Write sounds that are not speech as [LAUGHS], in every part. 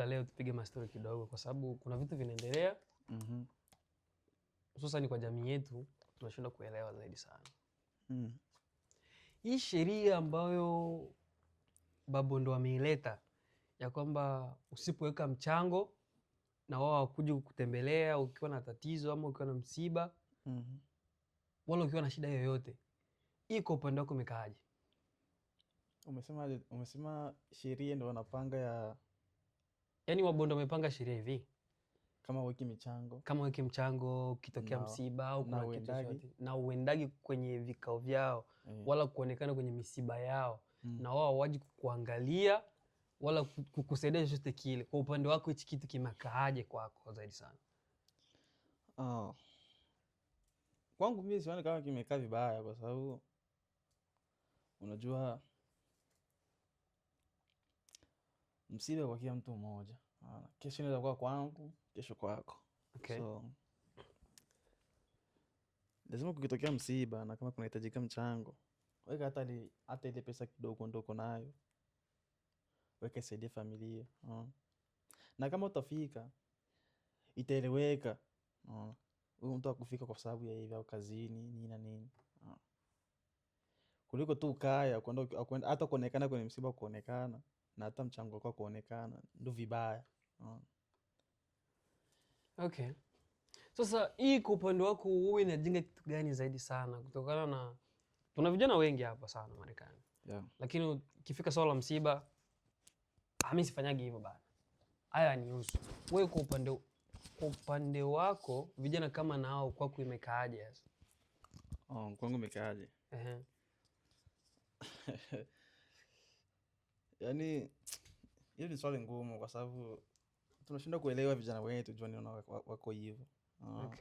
hata leo tupige mastori kidogo, kwa sababu kuna vitu vinaendelea mm hususani -hmm. kwa jamii yetu tunashindwa kuelewa zaidi sana mm. hii sheria ambayo Babu ndo ameileta ya kwamba usipoweka mchango na wao wakuja kutembelea ukiwa na tatizo ama ukiwa na msiba mm -hmm. wala ukiwa na shida yoyote, hii kwa upande wako imekaaje? Umesema, umesema sheria ndo wanapanga ya Yaani wabondo wamepanga sherehe hivi kama weki michango kama weki mchango, ukitokea msiba au kuna kitu na uendagi kwenye vikao vyao mm. wala kuonekana kwenye misiba yao mm. na wao waji kukuangalia wala kukusaidia chochote kile. Kwa upande wako hichi kitu kimekaaje kwako zaidi sana? Oh. Kwangu mimi sioni kama kimekaa vibaya, kwa sababu unajua msibe kwa kila mtu mmoja. Kesho inaweza kuwa kwangu, kesho kwako. Okay. So lazima kukitokea msiba na kama kunahitajika mchango, weka hata hata ile pesa kidogo ndoko nayo weka, saidia familia ona. Na kama utafika itaeleweka uh. Huyu mtu akufika kwa sababu ya hivi au kazini nini na nini Kuliko tu kaya hata kuonekana kwenye msiba kuonekana na hata mchango wako kuonekana ndo vibaya. Okay, sasa hii kwa upande wako huu inajenga kitu gani zaidi sana, kutokana na tuna vijana wengi hapa sana Marekani yeah. Lakini kifika swala la msiba, ami ah, sifanyagi hivyo bana, haya nihusu we Kwa upande kwa upande wako vijana kama nao, kwako imekaaje sasa? Oh, kwangu imekaaje? uh [LAUGHS] -huh yani hiyo ni swali ngumu kwa sababu tunashinda kuelewa vijana wetu jua nini wako hivyo. Ah,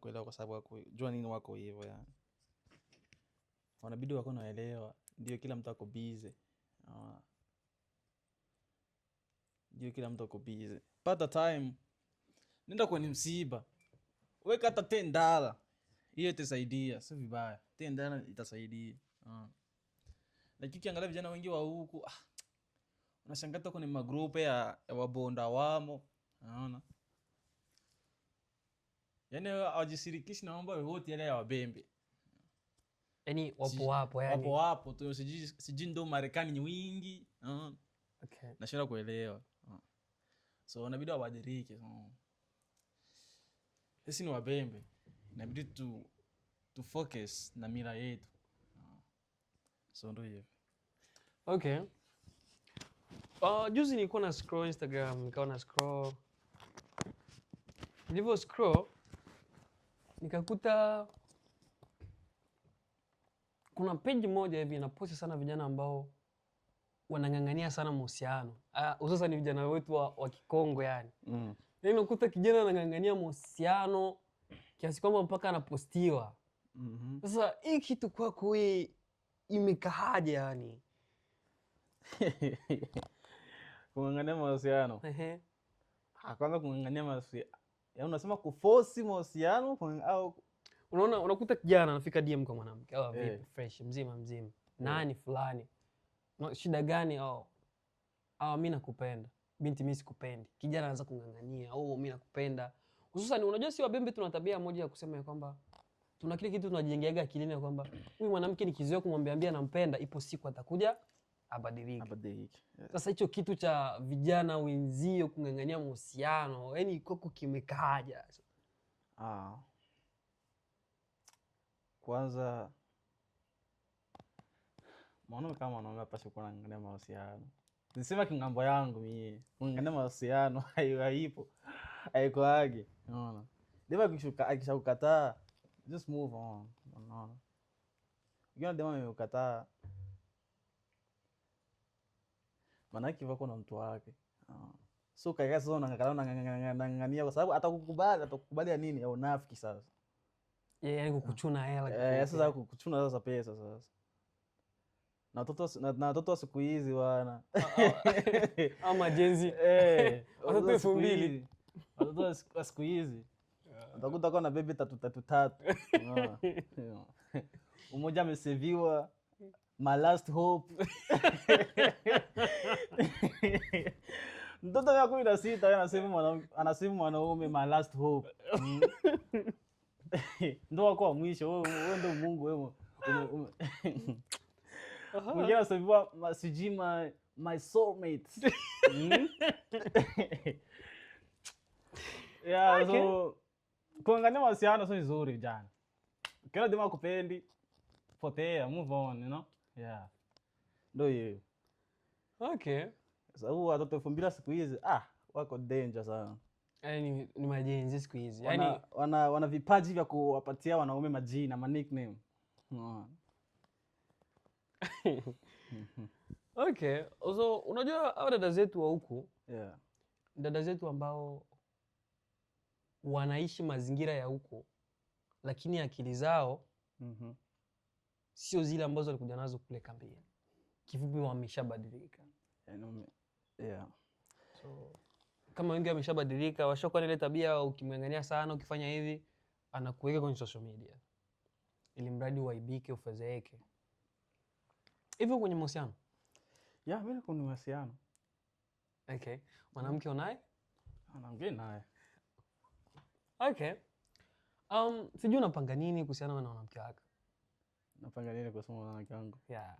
kuelewa kwa sababu jua nini wako hivyo yani. Wanabidi wako naelewa Ndio kila mtu ako bize ah. ndio kila mtu ako bize Pata time, nenda kwenye msiba. Weka hata $10. Hiyo itasaidia, si vibaya. $10 itasaidia. Ah. Lakini ukiangalia vijana wengi wa huku ah, unashangaa hata kwenye magrupu ya, ya wabonda wamo, unaona yani hawajishirikishi naomba wote yoyote yale ya wabembe. yani wapo yaani- wapo yani. Wapo wapo tu sijui ndo Marekani ni wingi. Uh. Okay. nashinda kuelewa. So inabidi wabadilike. Uh. Sisi ni wabembe. Inabidi tu tu focus na mira yetu. So ndo hivyo. Okay. Uh, juzi nilikuwa na scroll Instagram, nikawa na scroll. Nilivyo scroll nikakuta kuna page moja hivi inaposti sana vijana ambao wanang'ang'ania sana mahusiano ah, hususan uh, vijana wetu wa, wa Kikongo yani mm. Nakuta kijana anang'ang'ania mahusiano kiasi kwamba mpaka anapostiwa. Mhm. Sasa mm -hmm. Hii kitu kwako hii imekaaje yani? [LAUGHS] kung'ang'ania mahusiano ah, kwanza, kung'ang'ania mahusiano yaani unasema kuforce mahusiano au unaona, unakuta kijana anafika DM kwa mwanamke oh, au vipi? Eh. Fresh mzima mzima, eh. Nani fulani, shida gani? au oh, au oh, mimi nakupenda binti, mimi sikupendi. Kijana anaanza kung'ang'ania, oh mimi nakupenda. Hususan unajua, si wabembe tuna tabia moja ya kusema ya kwamba tuna kile kitu tunajengeaga akilini kwamba huyu mwanamke nikizoea kumwambiaambia nampenda, ipo siku atakuja abadilike. Sasa hicho kitu cha vijana wenzio kung'ang'ania mahusiano, yani koko kimekaaja. Ah. Kwanza mwanaume kama mwanaume apashe kuwa nang'ang'ania mahusiano. Nisema kingambo yangu mie, kung'ang'ania mahusiano [LAUGHS] haipo, haikoage. naona Dema akishakukataa just move on. Unaona, ukiona demu amekukataa, maanake vako na mtu wake so kaika sasa, unangangana unangangania, kwa sababu atakukubali, atakukubalia nini? Au unafiki sasa, yaani kukuchuna hela eh, sasa kukuchuna sasa pesa sasa na watoto wa siku hizi wana ama jenzi, watoto wa siku hizi utakuta kwa na bebi tatu tatu tatu. Umoja ameseviwa my last hope mtoto mia kumi na sita anasema mwanaume my last hope, ndo wako wa mwisho. Wewe ndo Mungu wewe. Mwingine anaseviwa sijui my soulmate hmm? [LAUGHS] [LAUGHS] yeah, okay. so kuangalia mahusiano sio vizuri vijana. Kila dema kupendi, potea, move on, you know? Yeah. Ndio hiyo. Okay. Sasa huu watoto elfu mbili siku hizi ah, wako danger sana. Yaani ni majenzi siku hizi. Yaani wana, wana, wana vipaji vya kuwapatia wanaume majina, ma nickname. Oh. [LAUGHS] okay. So unajua hao dada zetu wa huku yeah. Dada zetu ambao wanaishi mazingira ya huko, lakini akili zao mm -hmm. sio zile ambazo walikuja nazo kule kambini. Kifupi wameshabadilika yaani yeah, So, kama wengi wameshabadilika, washakuwa na ile tabia, ukimng'ang'ania sana, ukifanya hivi, anakuweka kwenye social media ili mradi uaibike, ufezeeke. Hivyo kwenye mahusiano yeah, mimi mahusiano okay. Mwanamke unaye? Mwanamke naye Okay. Um, sijui unapanga nini kuhusiana na mwanamke wako? Napanga nini kuhusiana na mwanamke wangu? Yeah.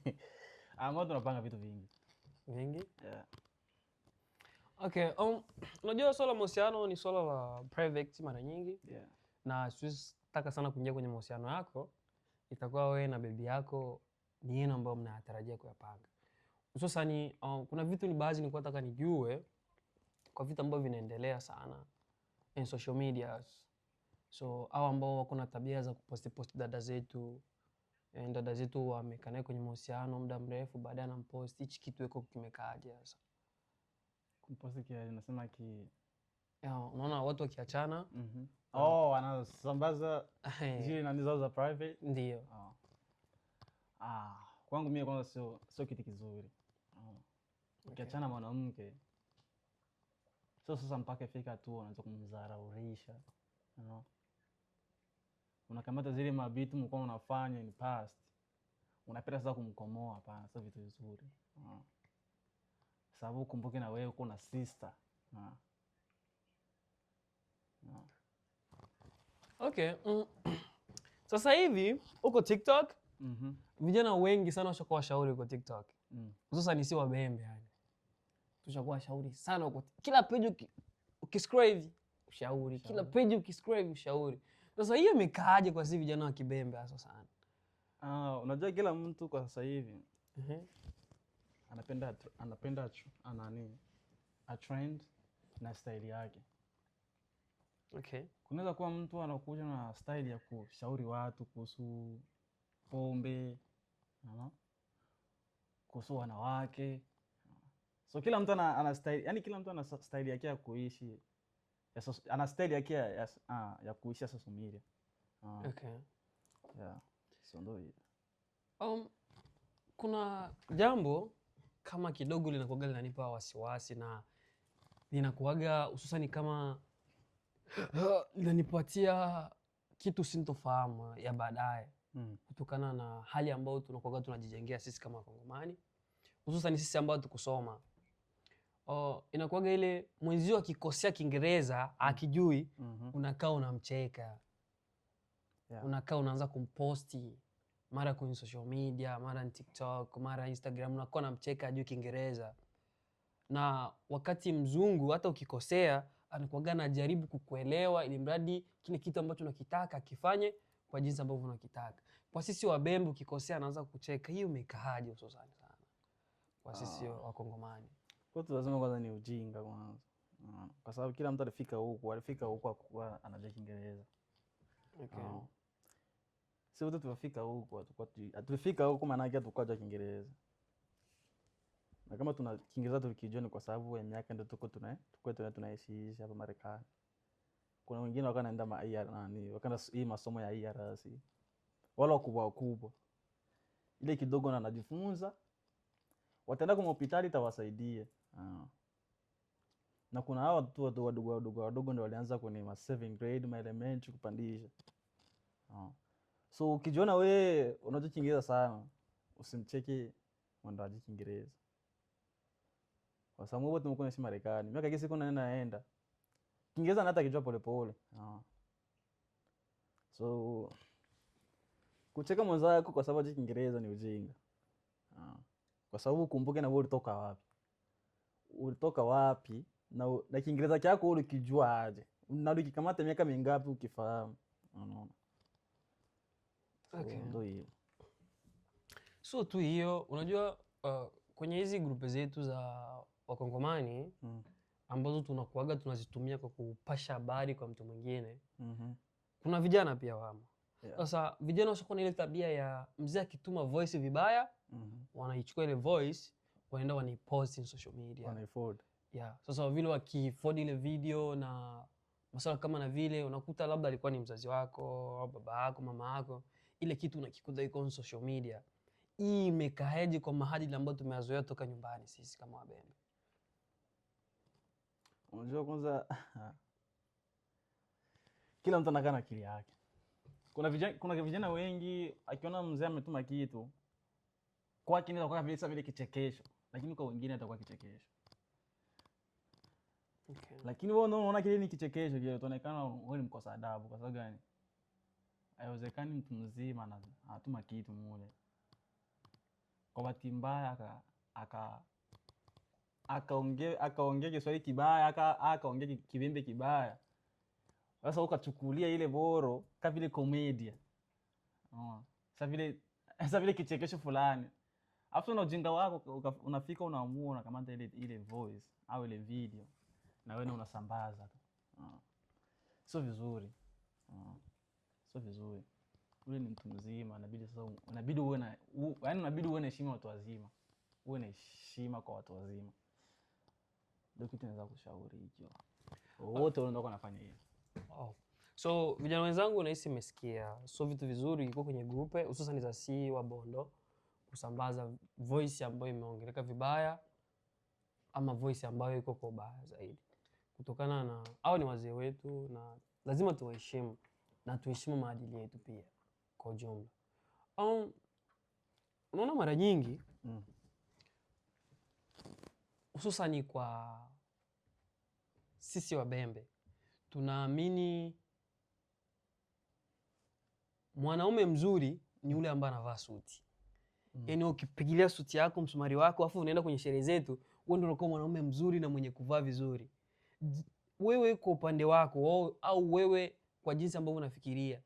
[LAUGHS] Ambao tunapanga vitu vingi. Vingi? Yeah. Okay, um, unajua swala mahusiano ni swala la private mara nyingi. Yeah. Na siwezi taka sana kuingia kwenye mahusiano yako. Itakuwa wewe na bebi yako ni yenu ambao mnatarajia kuyapanga. Hususani um, kuna vitu ni baadhi nilikuwa nataka nijue kwa vitu ambavyo vinaendelea sana in social medias. So au ambao wako na tabia za kuposti dada zetu eh, dada zetu wamekaa naye kwenye mahusiano muda mrefu, baadaye anamposti hichi kitu iko kimekaaje? Sasa kia nasema ki unaona watu wakiachana, mm -hmm. oh, wanasambaza [LAUGHS] zile za private ndio. oh. ah, kwangu mimi kwanza sio sio kitu kizuri. oh. okay. mwanamke So sasa mpaka fika tu unaanza kumzaraurisha you know? Unakamata zile mabitu mko unafanya ni past, unapenda sasa kumkomoa. Hapana, sasa vitu vizuri you Sababu kumbuke na wewe uko na sister you know? Okay. Mm. [CLEARS THROAT] Sasa hivi uko TikTok, mm -hmm. Vijana wengi sana washakuwa washauri uko TikTok, mm. hususan mm. si wabembe yani tushakuwa shauri sana huko, kila peji ukiscroll hivi ushauri, kila peji ukiscroll hivi ushauri. Sasa hiyo imekaaje kwa sisi vijana wa Kibembe hasa sana? Ah, unajua kila mtu kwa sasa hivi uh anapenda anapenda anani a trend na style yake. Okay. Kunaweza kuwa mtu anakuja na style ya kushauri watu kuhusu pombe, you know? kuhusu wanawake So kila mtu ana, ana style, yani kila mtu ana style yake ya kuishi. Ya ana style yake ya, ya, ah, ya kuishi social media. Ah. Okay. Yeah. So Um, kuna jambo kama kidogo linakuaga linanipa wasiwasi na linakuaga hususani kama [GASPS] linanipatia kitu sintofahamu ya baadaye mm. kutokana na hali ambayo tunakuaga tunajijengea sisi kama Wakongomani, hususani sisi ambao tukusoma oh, inakuwaga ile mwenzio akikosea Kiingereza mm. akijui, mm -hmm. unakaa unamcheka yeah. unakaa unaanza kumposti mara kwenye social media mara TikTok mara Instagram, unakuwa namcheka ajui Kiingereza. Na wakati mzungu hata ukikosea anakuaga najaribu kukuelewa, ili mradi kile kitu ambacho unakitaka akifanye kwa jinsi ambavyo unakitaka. Kwa sisi Wabembe ukikosea anaanza kucheka, hii umekaaje hususani sana kwa sisi ah. Wakongomani. Kwa hiyo lazima kwanza ni ujinga kwanza, mm, kwa sababu kila mtu alifika huku alifika huku akuwa anajua Kiingereza. Okay. Uh, wote tulifika huku, tulifika huku maana yake hatukuwa tunajua Kiingereza, na kama tuna Kiingereza tulikijua ni kwa sababu ya miaka ndio tuko tuna tunaishi hapa Marekani. Kuna wengine wakawa naenda ma IR nani wakaenda hii masomo ya IR si. wala wakubwa wakubwa ile kidogo na najifunza wataenda kwa hospitali itawasaidia Ah. na kuna hawa tu watu wadogo wadogo wadogo ndio walianza kwenye ma seventh grade ma elementary kupandisha. Ah. So ukijiona we unajua Kiingereza sana, usimcheki mwandaji Kiingereza kwa sababu wote mko naishi Marekani miaka kisi kuna nenda naenda Kiingereza nata kijua pole pole polepole. Ah. So kucheka mwenzako kwa sababu ya Kiingereza ni ujinga, kwa sababu ukumbuke na wewe ulitoka wapi ulitoka wapi na, na Kiingereza chako wewe ulikijua aje nalikikamata miaka mingapi ukifahamu? okay. so tu hiyo unajua, uh, kwenye hizi grupu zetu za wakongomani mm. ambazo tunakuaga tunazitumia kwa kupasha habari kwa mtu mwingine mm -hmm. kuna vijana pia wamo sasa yeah. vijana washakuwa na ile tabia ya mzee akituma voice vibaya mm -hmm. wanaichukua ile voice wanaenda wanaipost in social media. Wanaiforward. Yeah. Sasa vile wakiforward ile video na masala kama na vile unakuta labda alikuwa ni mzazi wako au baba yako mama yako, ile kitu unakikuta iko on social media. Hii imekaeje kwa mahadili ambayo tumeazoea toka nyumbani sisi kama Wabembe? Unajua, kwanza [LAUGHS] kila mtu anakaa na akili yake. Kuna vijana, kuna vijana wengi akiona mzee ametuma kitu kwake, inaweza kuwa vile kichekesho lakini kwa wengine atakuwa kichekesho. Okay. Lakini wewe unaona kile ni kichekesho kile, utaonekana wewe ni mkosa adabu. Kwa sababu gani? Haiwezekani mtu mzima na kitu mule, kwa bahati mbaya aka akaongea akaongea Kiswahili kibaya aka akaongea kivimbe kibaya, sasa ukachukulia ile boro kavile komedia, [LAUGHS] sasa vile kichekesho fulani Afu na ujinga wako unafika unaamua unakamata ile ile voice au ile video na wewe unasambaza tu. Uh. Ah. Sio vizuri. Uh. Ah. Sio vizuri. Ule ni mtu mzima, inabidi sasa inabidi uwe na yaani inabidi uwe na heshima watu wazima. Uwe na heshima kwa watu wazima. Ndio kitu naweza kushauri hicho. Wote wanaenda ndio wanafanya hivi. Oh. So vijana wenzangu nahisi mmesikia. So vitu vizuri iko kwenye grupe hususan za si wa Bondo kusambaza voice ambayo imeongeleka vibaya ama voice ambayo iko kwa ubaya zaidi, kutokana na au ni wazee wetu, na lazima tuwaheshimu na tuheshimu maadili yetu pia kwa ujumla. Um, unaona mara nyingi mm. hususani mm, kwa sisi Wabembe tunaamini mwanaume mzuri ni ule ambaye anavaa suti mm. Yani ukipigilia suti yako msumari wako afu unaenda kwenye sherehe zetu, wewe ndio unakuwa mwanaume mzuri na mwenye kuvaa vizuri. Wewe kwa upande wako au wewe kwa jinsi ambavyo unafikiria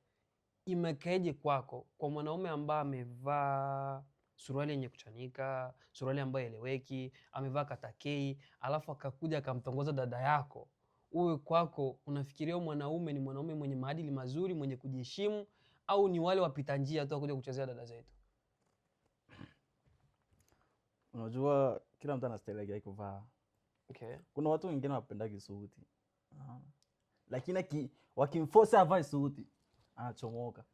imekaeje kwako kwa mwanaume ambaye amevaa suruali yenye kuchanika, suruali ambayo eleweki, amevaa katakei, alafu akakuja akamtongoza dada yako? Wewe kwako unafikiria mwanaume ni mwanaume mwenye maadili mazuri, mwenye kujiheshimu, au ni wale wapita njia tu akuja kuchezea dada zetu? Unajua kila mtu anastahili kuvaa. Okay. Kuna watu wengine wapendagi suti. lakini ki, wakimforce avae suti anachomoka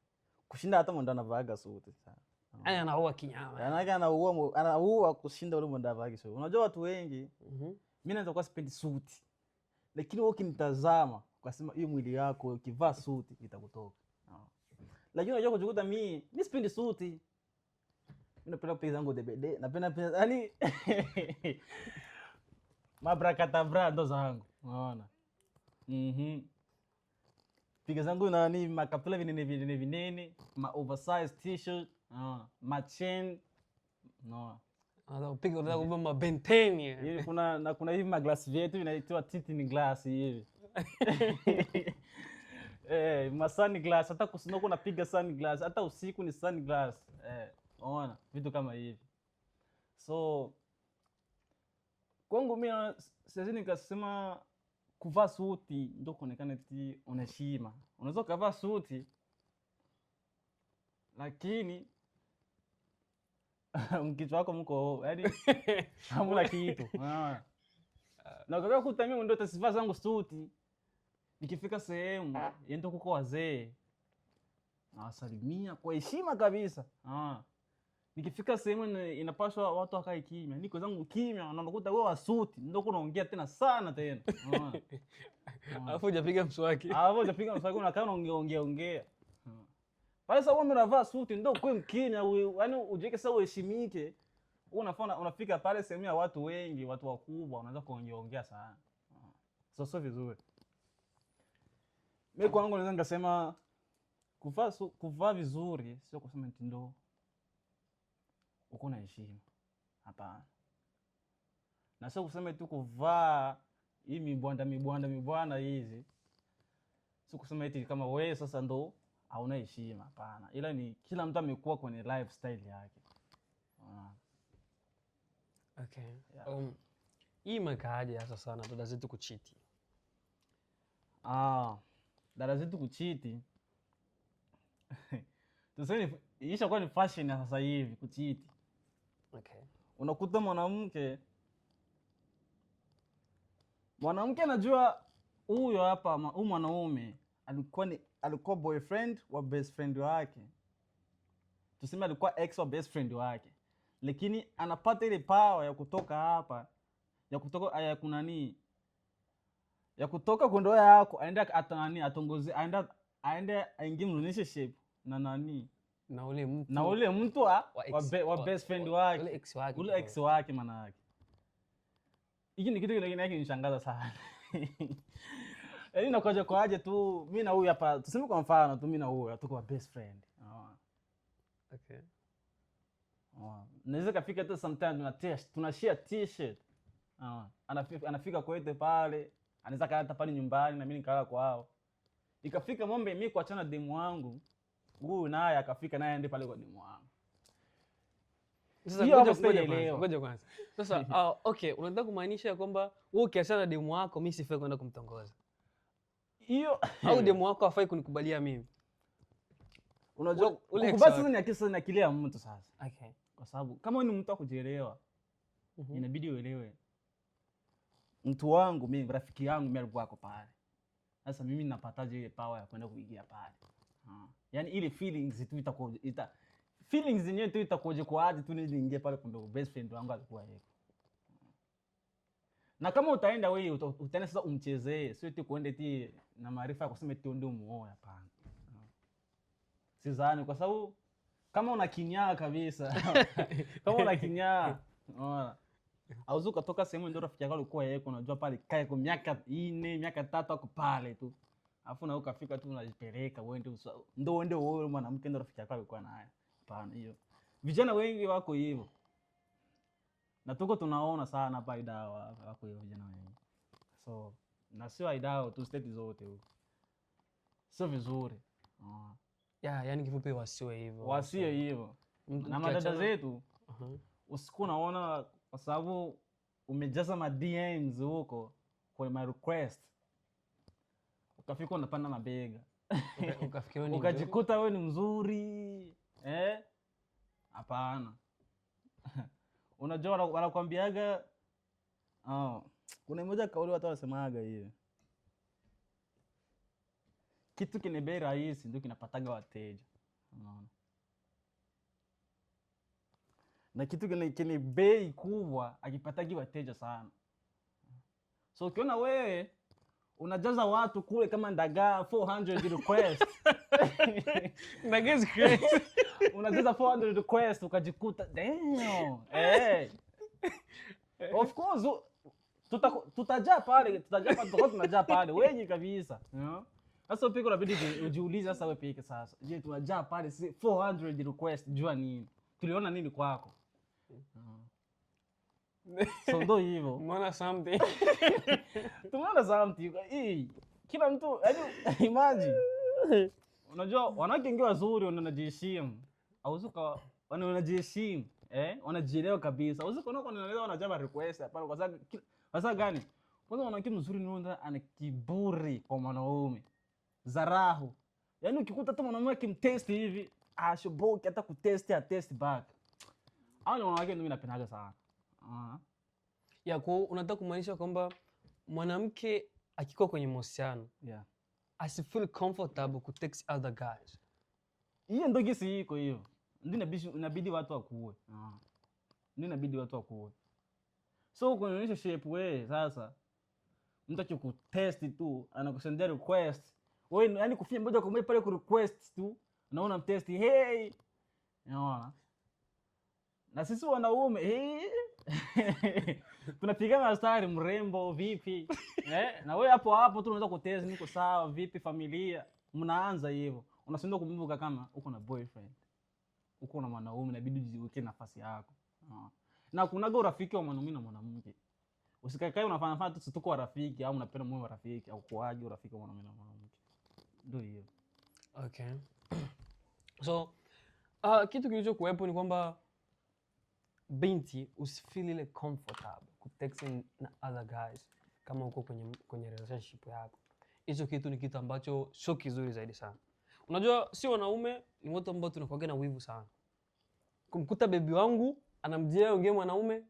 kushinda hata mwenda anavaaga suti sana. Aya, yaani anaua kinyama. Anaga yaani anaua anaua kushinda ule mwenda avaaga suti. Unajua watu wengi mhm, mm mimi naweza kuwa sipendi suti. Lakini wewe ukinitazama ukasema hiyo mwili yako ukivaa suti itakutoka. Lakini unajua kujikuta mimi mimi sipendi suti napenda pei zangu debede, napenda pesa yani [LAUGHS] mabrakatavra ndo zangu, unaona mm-hmm. piga zangu nani makapela vinene vinene vinene ma oversize t-shirt unaona ma chain unaona Piga unataka kuvaa mabenteni. Hivi kuna na kuna hivi maglasi vyetu vinaitwa titini glass hivi. [LAUGHS] Eh, ma sun hata kusinoku napiga sun glass hata usiku ni sun Eh unaona vitu kama hivi. So kwangu mimi siwezi nikasema kuvaa suti ndio kuonekana ti unaheshima. Unaweza ukavaa suti lakini [LAUGHS] mkichwa wako mko yaani [LAUGHS] hamuna kitu, unaona na ukaka kuta mimi ndio tasivaa zangu suti, nikifika sehemu yendo yaani kuko wazee nawasalimia kwa heshima kabisa, ah nikifika sehemu inapaswa watu wakae kimya, niko zangu kimya, nanakuta we wasuti ndio naongea tena sana tena, alafu hujapiga mswaki, alafu hujapiga mswaki, unakaa unaongea ongea ongea pale. sa wewe unavaa suti ndo kwe mkimya, yaani ujeke sa uheshimike. Unafona unafika pale sehemu ya watu wengi, watu wakubwa, unaweza kuongea ongea sana, sio sio vizuri. Mimi kwangu naweza nikasema kuvaa kuvaa vizuri sio kusema mtindo uko na heshima? Hapana. Na sio kusema tu kuvaa hii mibwanda mibwanda mibwana hizi, sio kusema eti kama wewe sasa ndo hauna heshima. Hapana, ila ni kila mtu amekuwa kwenye lifestyle yake. Okay. Yeah. Um, hii makaaje hasa sana dada zetu kuchiti? Ah, dada zetu kuchiti [LAUGHS] tuseme ishakuwa ni fashion ya sasa hivi kuchiti. Okay. Unakuta mwanamke mwanamke anajua huyo hapa huyu mwanaume alikuwa ni alikuwa boyfriend wa best friend wake, tuseme alikuwa ex wa best friend wake, lakini anapata ile power ya kutoka hapa ya kutoka eh, ya kunani ya kutoka kundoa yako aende atanani atongoze aende aende aingie relationship na nani na ule mtu, na ule mtu wa, wa, best friend wake ule ex wake, maana yake. Hiki ni kitu kingine kinanishangaza sana [LAUGHS] yaani nakuja kwaje tu mimi na huyu hapa, tuseme kwa mfano tu mimi na huyu tuko best friend oh. Okay. Oh. Naweza kafika tu sometimes tuna test, tuna share t-shirt. Oh. Anafika, anafika kwetu pale, anaweza kaa hata pale nyumbani na mimi nikaa kwao. Ikafika mombe mimi kuachana demu wangu huyu naye akafika naye ende pale kwa demu wangu. Sasa uh, [LAUGHS] okay, unataka kumaanisha kwamba wewe ukiachana na demu wako mimi sifai kwenda kumtongoza. Hiyo [LAUGHS] au demu wako kunikubalia mimi. mtu sasa. Okay. Kwa sababu kama ni mtu akujielewa mm -hmm. inabidi uelewe mtu wangu mimi, rafiki yangu mimi pale. Sasa mimi napataje ile pawa ya kwenda kuingia pale? Hmm yani ile feelings tu itakuwa ita feelings yenyewe tu itakuja kwa hadi tu nili ingia pale kumbe best friend wangu alikuwa yeye. Na kama utaenda wewe utaenda sasa umchezee, sio tu kuende ti na maarifa ya kusema ti ndio muoe, hapana. Sidhani kwa sababu kama una kinyaa kabisa. [LAUGHS] kama una kinyaa. Unaona? Auzuka toka sehemu ndio rafiki yako alikuwa yeye, unajua pale kae kwa miaka 4, miaka 3 ako pale tu afu na ukafika tu unajipeleka wewe ndio ndio ndio wewe mwanamke ndio rafiki yako alikuwa naye. Hapana hiyo. Vijana wengi wako hivyo. Na tuko tunaona sana hapa Idaho wako hivyo vijana wengi. So na sio Idaho tu state zote huko. Sio vizuri. Ah. Ya, yani kifupi wasiwe hivyo. Wasiwe hivyo. Na madada zetu uh -huh. Usiku naona kwa sababu umejaza ma DMs huko kwa my request ukafika unapanda mabega ukajikuta we ni mzuri eh? hapana eh? [LAUGHS] Unajua wanakwambiaga oh. Kuna moja kauli watu wanasemaga hiyo kitu kine bei rahisi ndio kinapataga wateja, unaona na kitu kine bei kubwa akipatagi wateja sana, so ukiona wewe unajaza watu kule kama ndagaa 400 request [LAUGHS] ndagaa is great [LAUGHS] unajaza 400 request ukajikuta damn eh [LAUGHS] of course tuta, tutajaa pale tutajaa pale tutakuwa tunajaa pale wengi kabisa sasa upiko pika unabidi ujiulize sasa wewe peke sasa je tunajaa pale 400 request jua nini tuliona nini kwako mm. uh -huh. [LAUGHS] sondo ndo hivyo, umeona something, [LAUGHS] tumeona something hii, kila mtu yaani, [LAUGHS] imagine unajua wanawake wengi wazuri wanajiheshimu, hauwezi wanajiheshimu eh, wanajielewa kabisa, hauwezi kuona kwa nini wanajaba request hapana. Kwa sababu kwa gani? Kwanza mwanamke mzuri ni yule ana kiburi kwa mwanaume, zarahu. Yaani ukikuta tu mwanaume akimtest hivi, ashoboke hata kutest, atest back. Hao ni wanawake ndio mimi napendaga sana uh-huh. ya ku, unataka kumaanisha kwamba mwanamke akikuwa kwenye mahusiano yeah. asi feel comfortable ku text other guys. Hiyo ndio gisi iko hiyo, ndio inabidi watu wakuue, ndio inabidi watu wakuue. So kunaonyesha shape wewe sasa, mtu akikutest tu anakusendea request wewe, yani kufia moja kwa moja pale ku request tu, naona mtesti hey, naona na sisi wanaume hey [LAUGHS] tunapigana mstari, mrembo vipi? [LAUGHS] eh, na wewe hapo hapo tu unaweza kuteza, niko sawa vipi, familia, mnaanza hivyo. Unasindwa kumbuka kama uko na boyfriend, uko na mwanaume, inabidi ujiweke nafasi yako ah. na kuna go rafiki wa mwanaume na mwanamke, usikae unafanya fanya tu tuko rafiki au unapenda mwe rafiki au kuaje rafiki wa mwanaume na mwanamke, ndio hiyo. Okay, [CLEARS THROAT] so uh, kitu kilichokuwepo ni kwamba binti usifeel ile comfortable texting na other guys kama uko kwenye, kwenye relationship yako. Hicho kitu ni kitu ambacho sio kizuri zaidi sana. Unajua, si wanaume ni watu ambao tunakuaga na wivu sana. Kumkuta bebi wangu anamjia ongea mwanaume,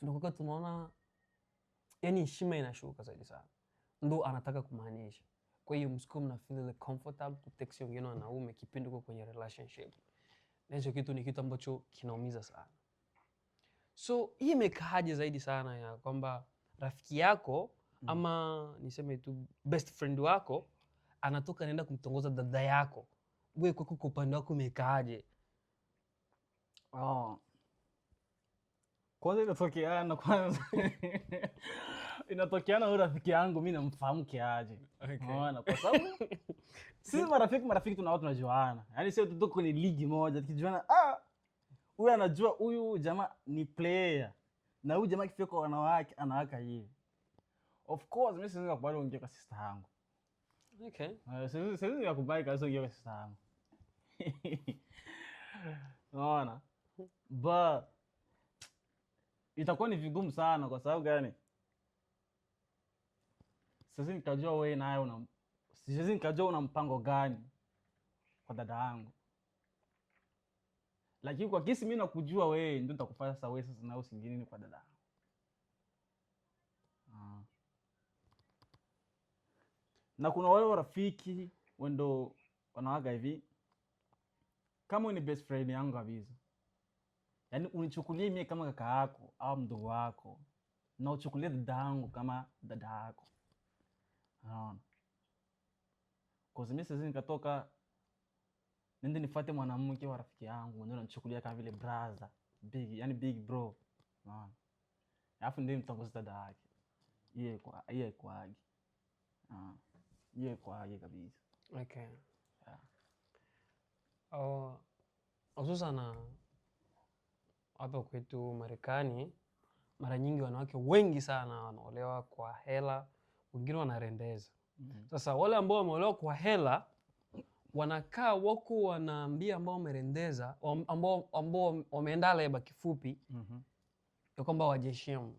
tunakuwa tunaona yani heshima inashuka zaidi sana, ndo anataka kumaanisha. Kwa hiyo msikuwe mna feel the comfortable ku text na wanaume kipindi uko kwenye relationship, na hicho kitu ni kitu ambacho kinaumiza sana. So hii imekaaje zaidi sana ya kwamba rafiki yako mm. ama niseme tu best friend wako anatoka anaenda kumtongoza dada yako, we kwako kwa upande wako imekaaje? Oh. Kwanza inatokeana kwanza [LAUGHS] inatokeana huyu rafiki yangu mi namfahamu kiaje? Okay. kwa sababu [LAUGHS] sisi marafiki marafiki tunawao tunajuana, yaani sio tuko kwenye ligi moja tukijuana, ah huyu anajua huyu jamaa ni player na huyu jamaa kifika kwa wanawake anawaka yeye. Of course mimi siwezi kukubali uingie kwa sister yangu. Okay. Uh, siwezi kukubali kwa sister yangu. [LAUGHS] Unaona? But itakuwa ni vigumu sana kwa sababu gani? Sasa nikajua wewe naye una sasa nikajua una mpango gani kwa dada yangu. Lakini kwa kisi mi nakujua wee ndo nitakufanya sasa wewe sasa nao singine kwa dada. Ah. Na kuna wale warafiki wendo wanawaga hivi. Kama ni best friend yangu kabisa. Yaani unichukulie mie kama kaka yako au mdogo wako. Na uchukulie dada yangu kama dada yako. naona Kwa sababu mimi sasa nikatoka nende nifate mwanamke wa rafiki yangu mwenye ananichukulia kama vile brother big, yani big bro, unaona. Alafu ndio mtongozi dada yake, yeye kwa yeye kwaage, ah, yeye kwaage kabisa. Okay, yeah. Oh, hususana ah, hapa kwetu Marekani, mara nyingi wanawake wengi sana wanaolewa kwa hela, wengine wanarendeza. mm -hmm. Sasa wale ambao wameolewa kwa hela wanakaa woko wanaambia ambao wamerendeza ambao ambao wameenda leba kifupi mm -hmm. ya kwamba wajeshimu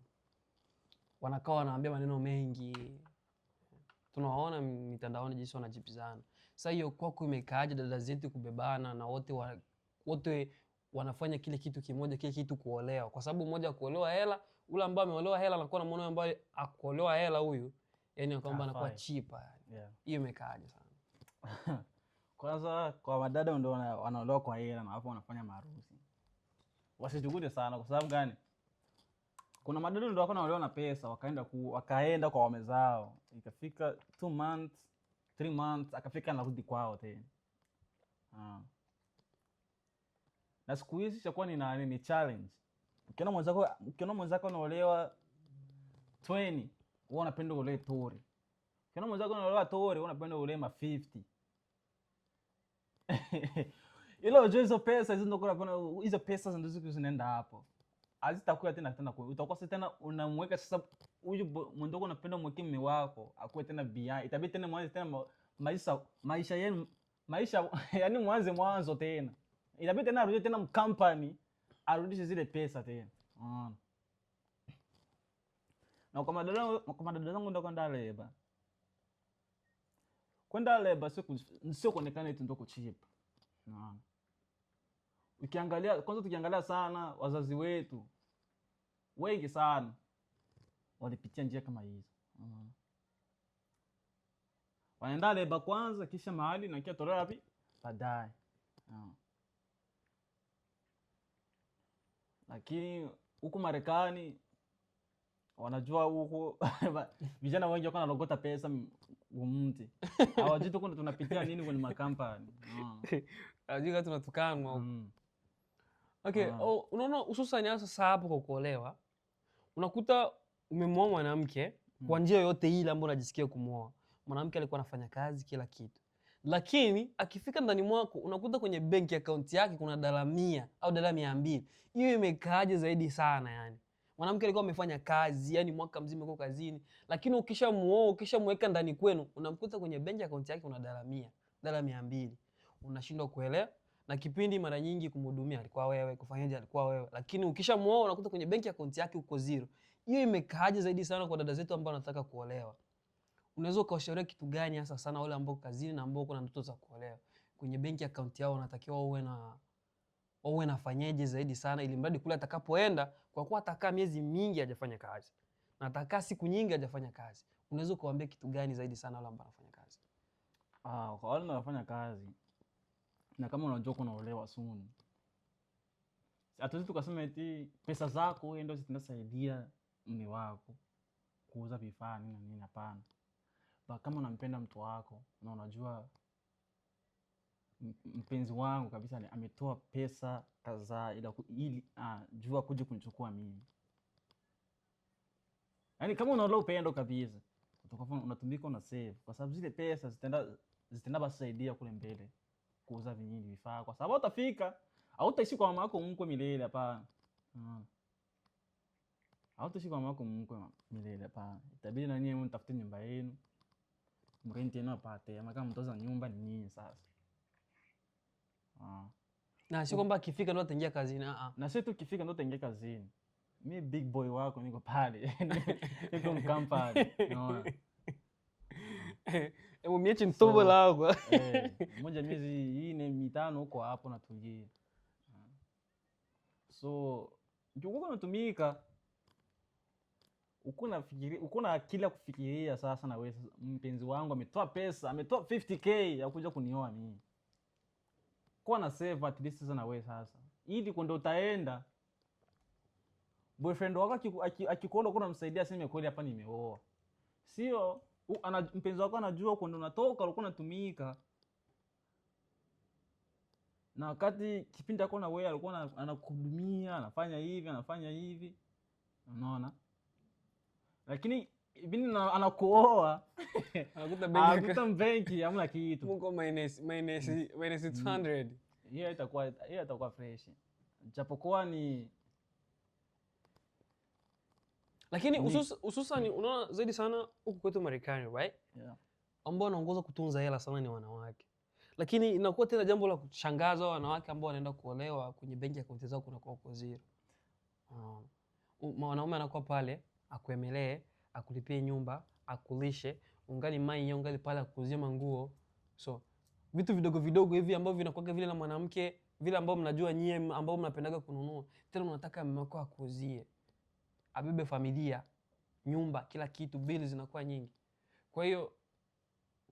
wanakaa wanaambia maneno mengi, tunawaona mitandaoni jinsi wanajipizana Sasa hiyo kwako imekaaje? Dada zetu kubebana na wote wa, wote wanafanya kile kitu kimoja, kile kitu kuolewa, kwa sababu mmoja akuolewa hela, ule ambao ameolewa hela anakuwa na mwana ambaye akuolewa hela huyu, yani kwamba anakuwa chipa. Hiyo yeah. imekaaje sana [LAUGHS] Kwanza kwa wadada ndo wanaolewa kwa hela na hapo wanafanya maarusi wasichukute sana kwa sababu gani? Kuna madada ndo wako naolewa na pesa wakaenda ku, wakaenda kwa wame zao. Ikafika two months, three months akafika anarudi kwao tena. Ah. Na siku hizi chakuwa ni nani ni challenge. Ukiona mwenzako ukiona mwenzako anaolewa 20, wewe unapenda ule tori. Ukiona mwenzako anaolewa tori, wewe unapenda ule ma 50. [LAUGHS] ilo jo hizo pesa hizo hizo pesa ndio zinaenda hapo hazitakuwa tena tena kwa utakuwa tena unamweka sasa huyu mdogo unapenda mweke mume wako akuwe tena bia itabidi tena mwanze tena maisha maisha yenu maisha [LAUGHS] yani mwanze mwanzo tena itabidi tena arudie tena mkampani arudishe zile pesa tena mm. na kwa madada zangu ndo kondaleba kwenda leba sio kuonekana eti ndo kuchipa. ukiangalia kwanza, tukiangalia sana wazazi wetu wengi sana walipitia njia kama hizo. Unaona, wanaenda leba kwanza, kisha mahali na kisha toreo baadaye. Lakini huku Marekani wanajua huko [LAUGHS] vijana wengi wako wanalogota pesa umti hawajui [LAUGHS] tuko tunapitia nini kwenye makampani hawajui [LAUGHS] kama tunatukanwa mm. mm. oh, unaona hususani hasa saa hapo kwa kuolewa unakuta umemwoa mwanamke mm. kwa njia yoyote ile ambayo unajisikia kumwoa mwanamke alikuwa anafanya kazi kila kitu, lakini akifika ndani mwako unakuta kwenye benki akaunti yake kuna dalamia mia au dalamia mia mbili. Hiyo imekaaje zaidi sana yani mwanamke alikuwa amefanya kazi, yani mwaka mzima yuko kazini, lakini ukishamuoa ukishamweka ndani kwenu, unamkuta kwenye benki akaunti yake una dala mia, mbili, unashindwa kuelewa na kipindi mara nyingi kumhudumia alikuwa wewe, kufanyaje alikuwa wewe, lakini ukishamuoa unakuta kwenye benki akaunti yake uko zero. Hiyo imekaaje zaidi sana kwa dada zetu ambao wanataka kuolewa? Unaweza ukawashauri kitu gani hasa sana wale ambao kazini na ambao kuna ndoto za kuolewa? Kwenye benki akaunti yao unatakiwa uwe na owe nafanyeje zaidi sana, ili mradi kule atakapoenda, kwa kuwa atakaa miezi mingi hajafanya kazi na atakaa siku nyingi hajafanya kazi, unaweza ukawaambia kitu gani zaidi sana wale ambao wanafanya kazi? Ah, kwa wale wanafanya kazi na kama unajua kunaolewa soon, hatuwezi tukasema eti pesa zako wewe ndio zinasaidia mume wako kuuza vifaa nini na nini. Hapana, kama unampenda mtu wako na unajua mpenzi wangu kabisa ametoa pesa kadhaa ila ili ah, jua kuja kunichukua mimi. Yaani kama unaona upendo kabisa, utakuwa unatumika una save, kwa sababu zile pesa zitaenda zitaenda basaidia kule mbele kuuza vinyingi vifaa, kwa sababu utafika au utaishi kwa mama yako mkwe milele, hapa. hapana. Mm. Au utaishi kwa mama yako mkwe milele, hapa. Itabidi na nyinyi mtafute nyumba yenu mrenti yenu apate, ama kama mtoza nyumba ni nyinyi sasa na si kwamba akifika ndo ataingia kazini aa. Ah, ah. na sio tu kifika ndo ataingia kazini. Mi big boy wako niko pale [LAUGHS] niko mkampani naona umieche [LAUGHS] mtobo lako eh, [LAUGHS] moja miezi ine mitano huko hapo natulia, so jukuko natumika uko na akili ya kufikiria sasa. Na wewe mpenzi wangu ametoa pesa, ametoa 50k ya kuja kunioa mimi kuwa na save at least sasa, nawe sasa, ili kwenda utaenda boyfriend wako akikuona kuna msaidia, aseme kweli, hapa nimeoa, sio mpenzi wako anajua kwenda unatoka, ulikuwa unatumika na wakati kipindi ako na wewe alikuwa anakuhudumia, anafanya hivi anafanya hivi, unaona, lakini anakuoa [LAUGHS] anakuta [LAUGHS] kitu, mm. Mm. Hiyo itakuwa hiyo itakuwa fresh, japokuwa ni lakini hususan mm. unaona zaidi sana huku kwetu Marekani right, yeah. ambao wanaongoza kutunza hela sana ni wanawake, lakini inakuwa tena jambo la kushangaza wanawake ambao wanaenda kuolewa kwenye benki akaunti zao kunakuwa uko zero. Um, wanaume anakuwa pale akuemelee akulipie nyumba, akulishe, ungali mai, ungali pale akuuzie manguo. So vitu vidogo vidogo hivi ambavyo vinakuwa vile na mwanamke vile ambao mnajua nyie ambao mnapendaga kununua, tena mnataka mume wako akuuzie, abebe familia, nyumba, kila kitu, bili zinakuwa nyingi. Kwa hiyo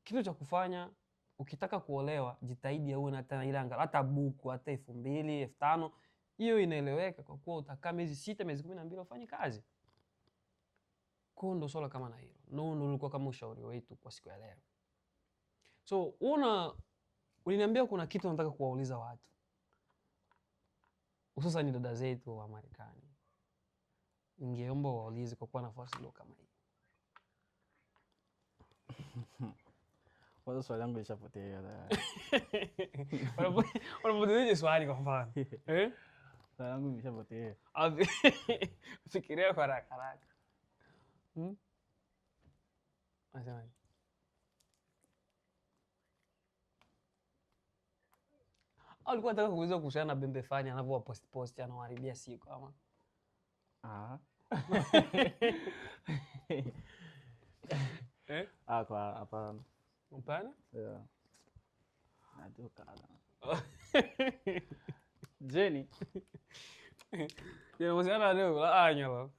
kitu cha kufanya ukitaka kuolewa, jitahidi ya uwe na tena ile angalau hata buku hata elfu mbili elfu tano hiyo inaeleweka, kwa kuwa utakaa miezi sita miezi kumi na mbili ufanye kazi. Kwa ndo swala kama na hilo no, ndo ulikuwa kama ushauri wetu kwa siku ya leo. So una uliniambia kuna kitu nataka kuwauliza watu, hususani dada zetu wa Marekani, ningeomba waulize kwa kuwa nafasi ndio kama hii. [LAUGHS] Kwanza swali langu lishapotea. [LAUGHS] Wanapotezeje swali kwa mfano? [LAUGHS] Eh? Swali langu lishapotea, fikiria kwa haraka haraka. Hmm? Asemaje? alikuwa nataka kuuliza kuhusiana na Bembe Fani anavyowa post post anawaharibia siku ama ah. [LAUGHS] eh? Ah, kwa Yeah. Jenny. Yeye mwanzo ana leo la ah, anyo.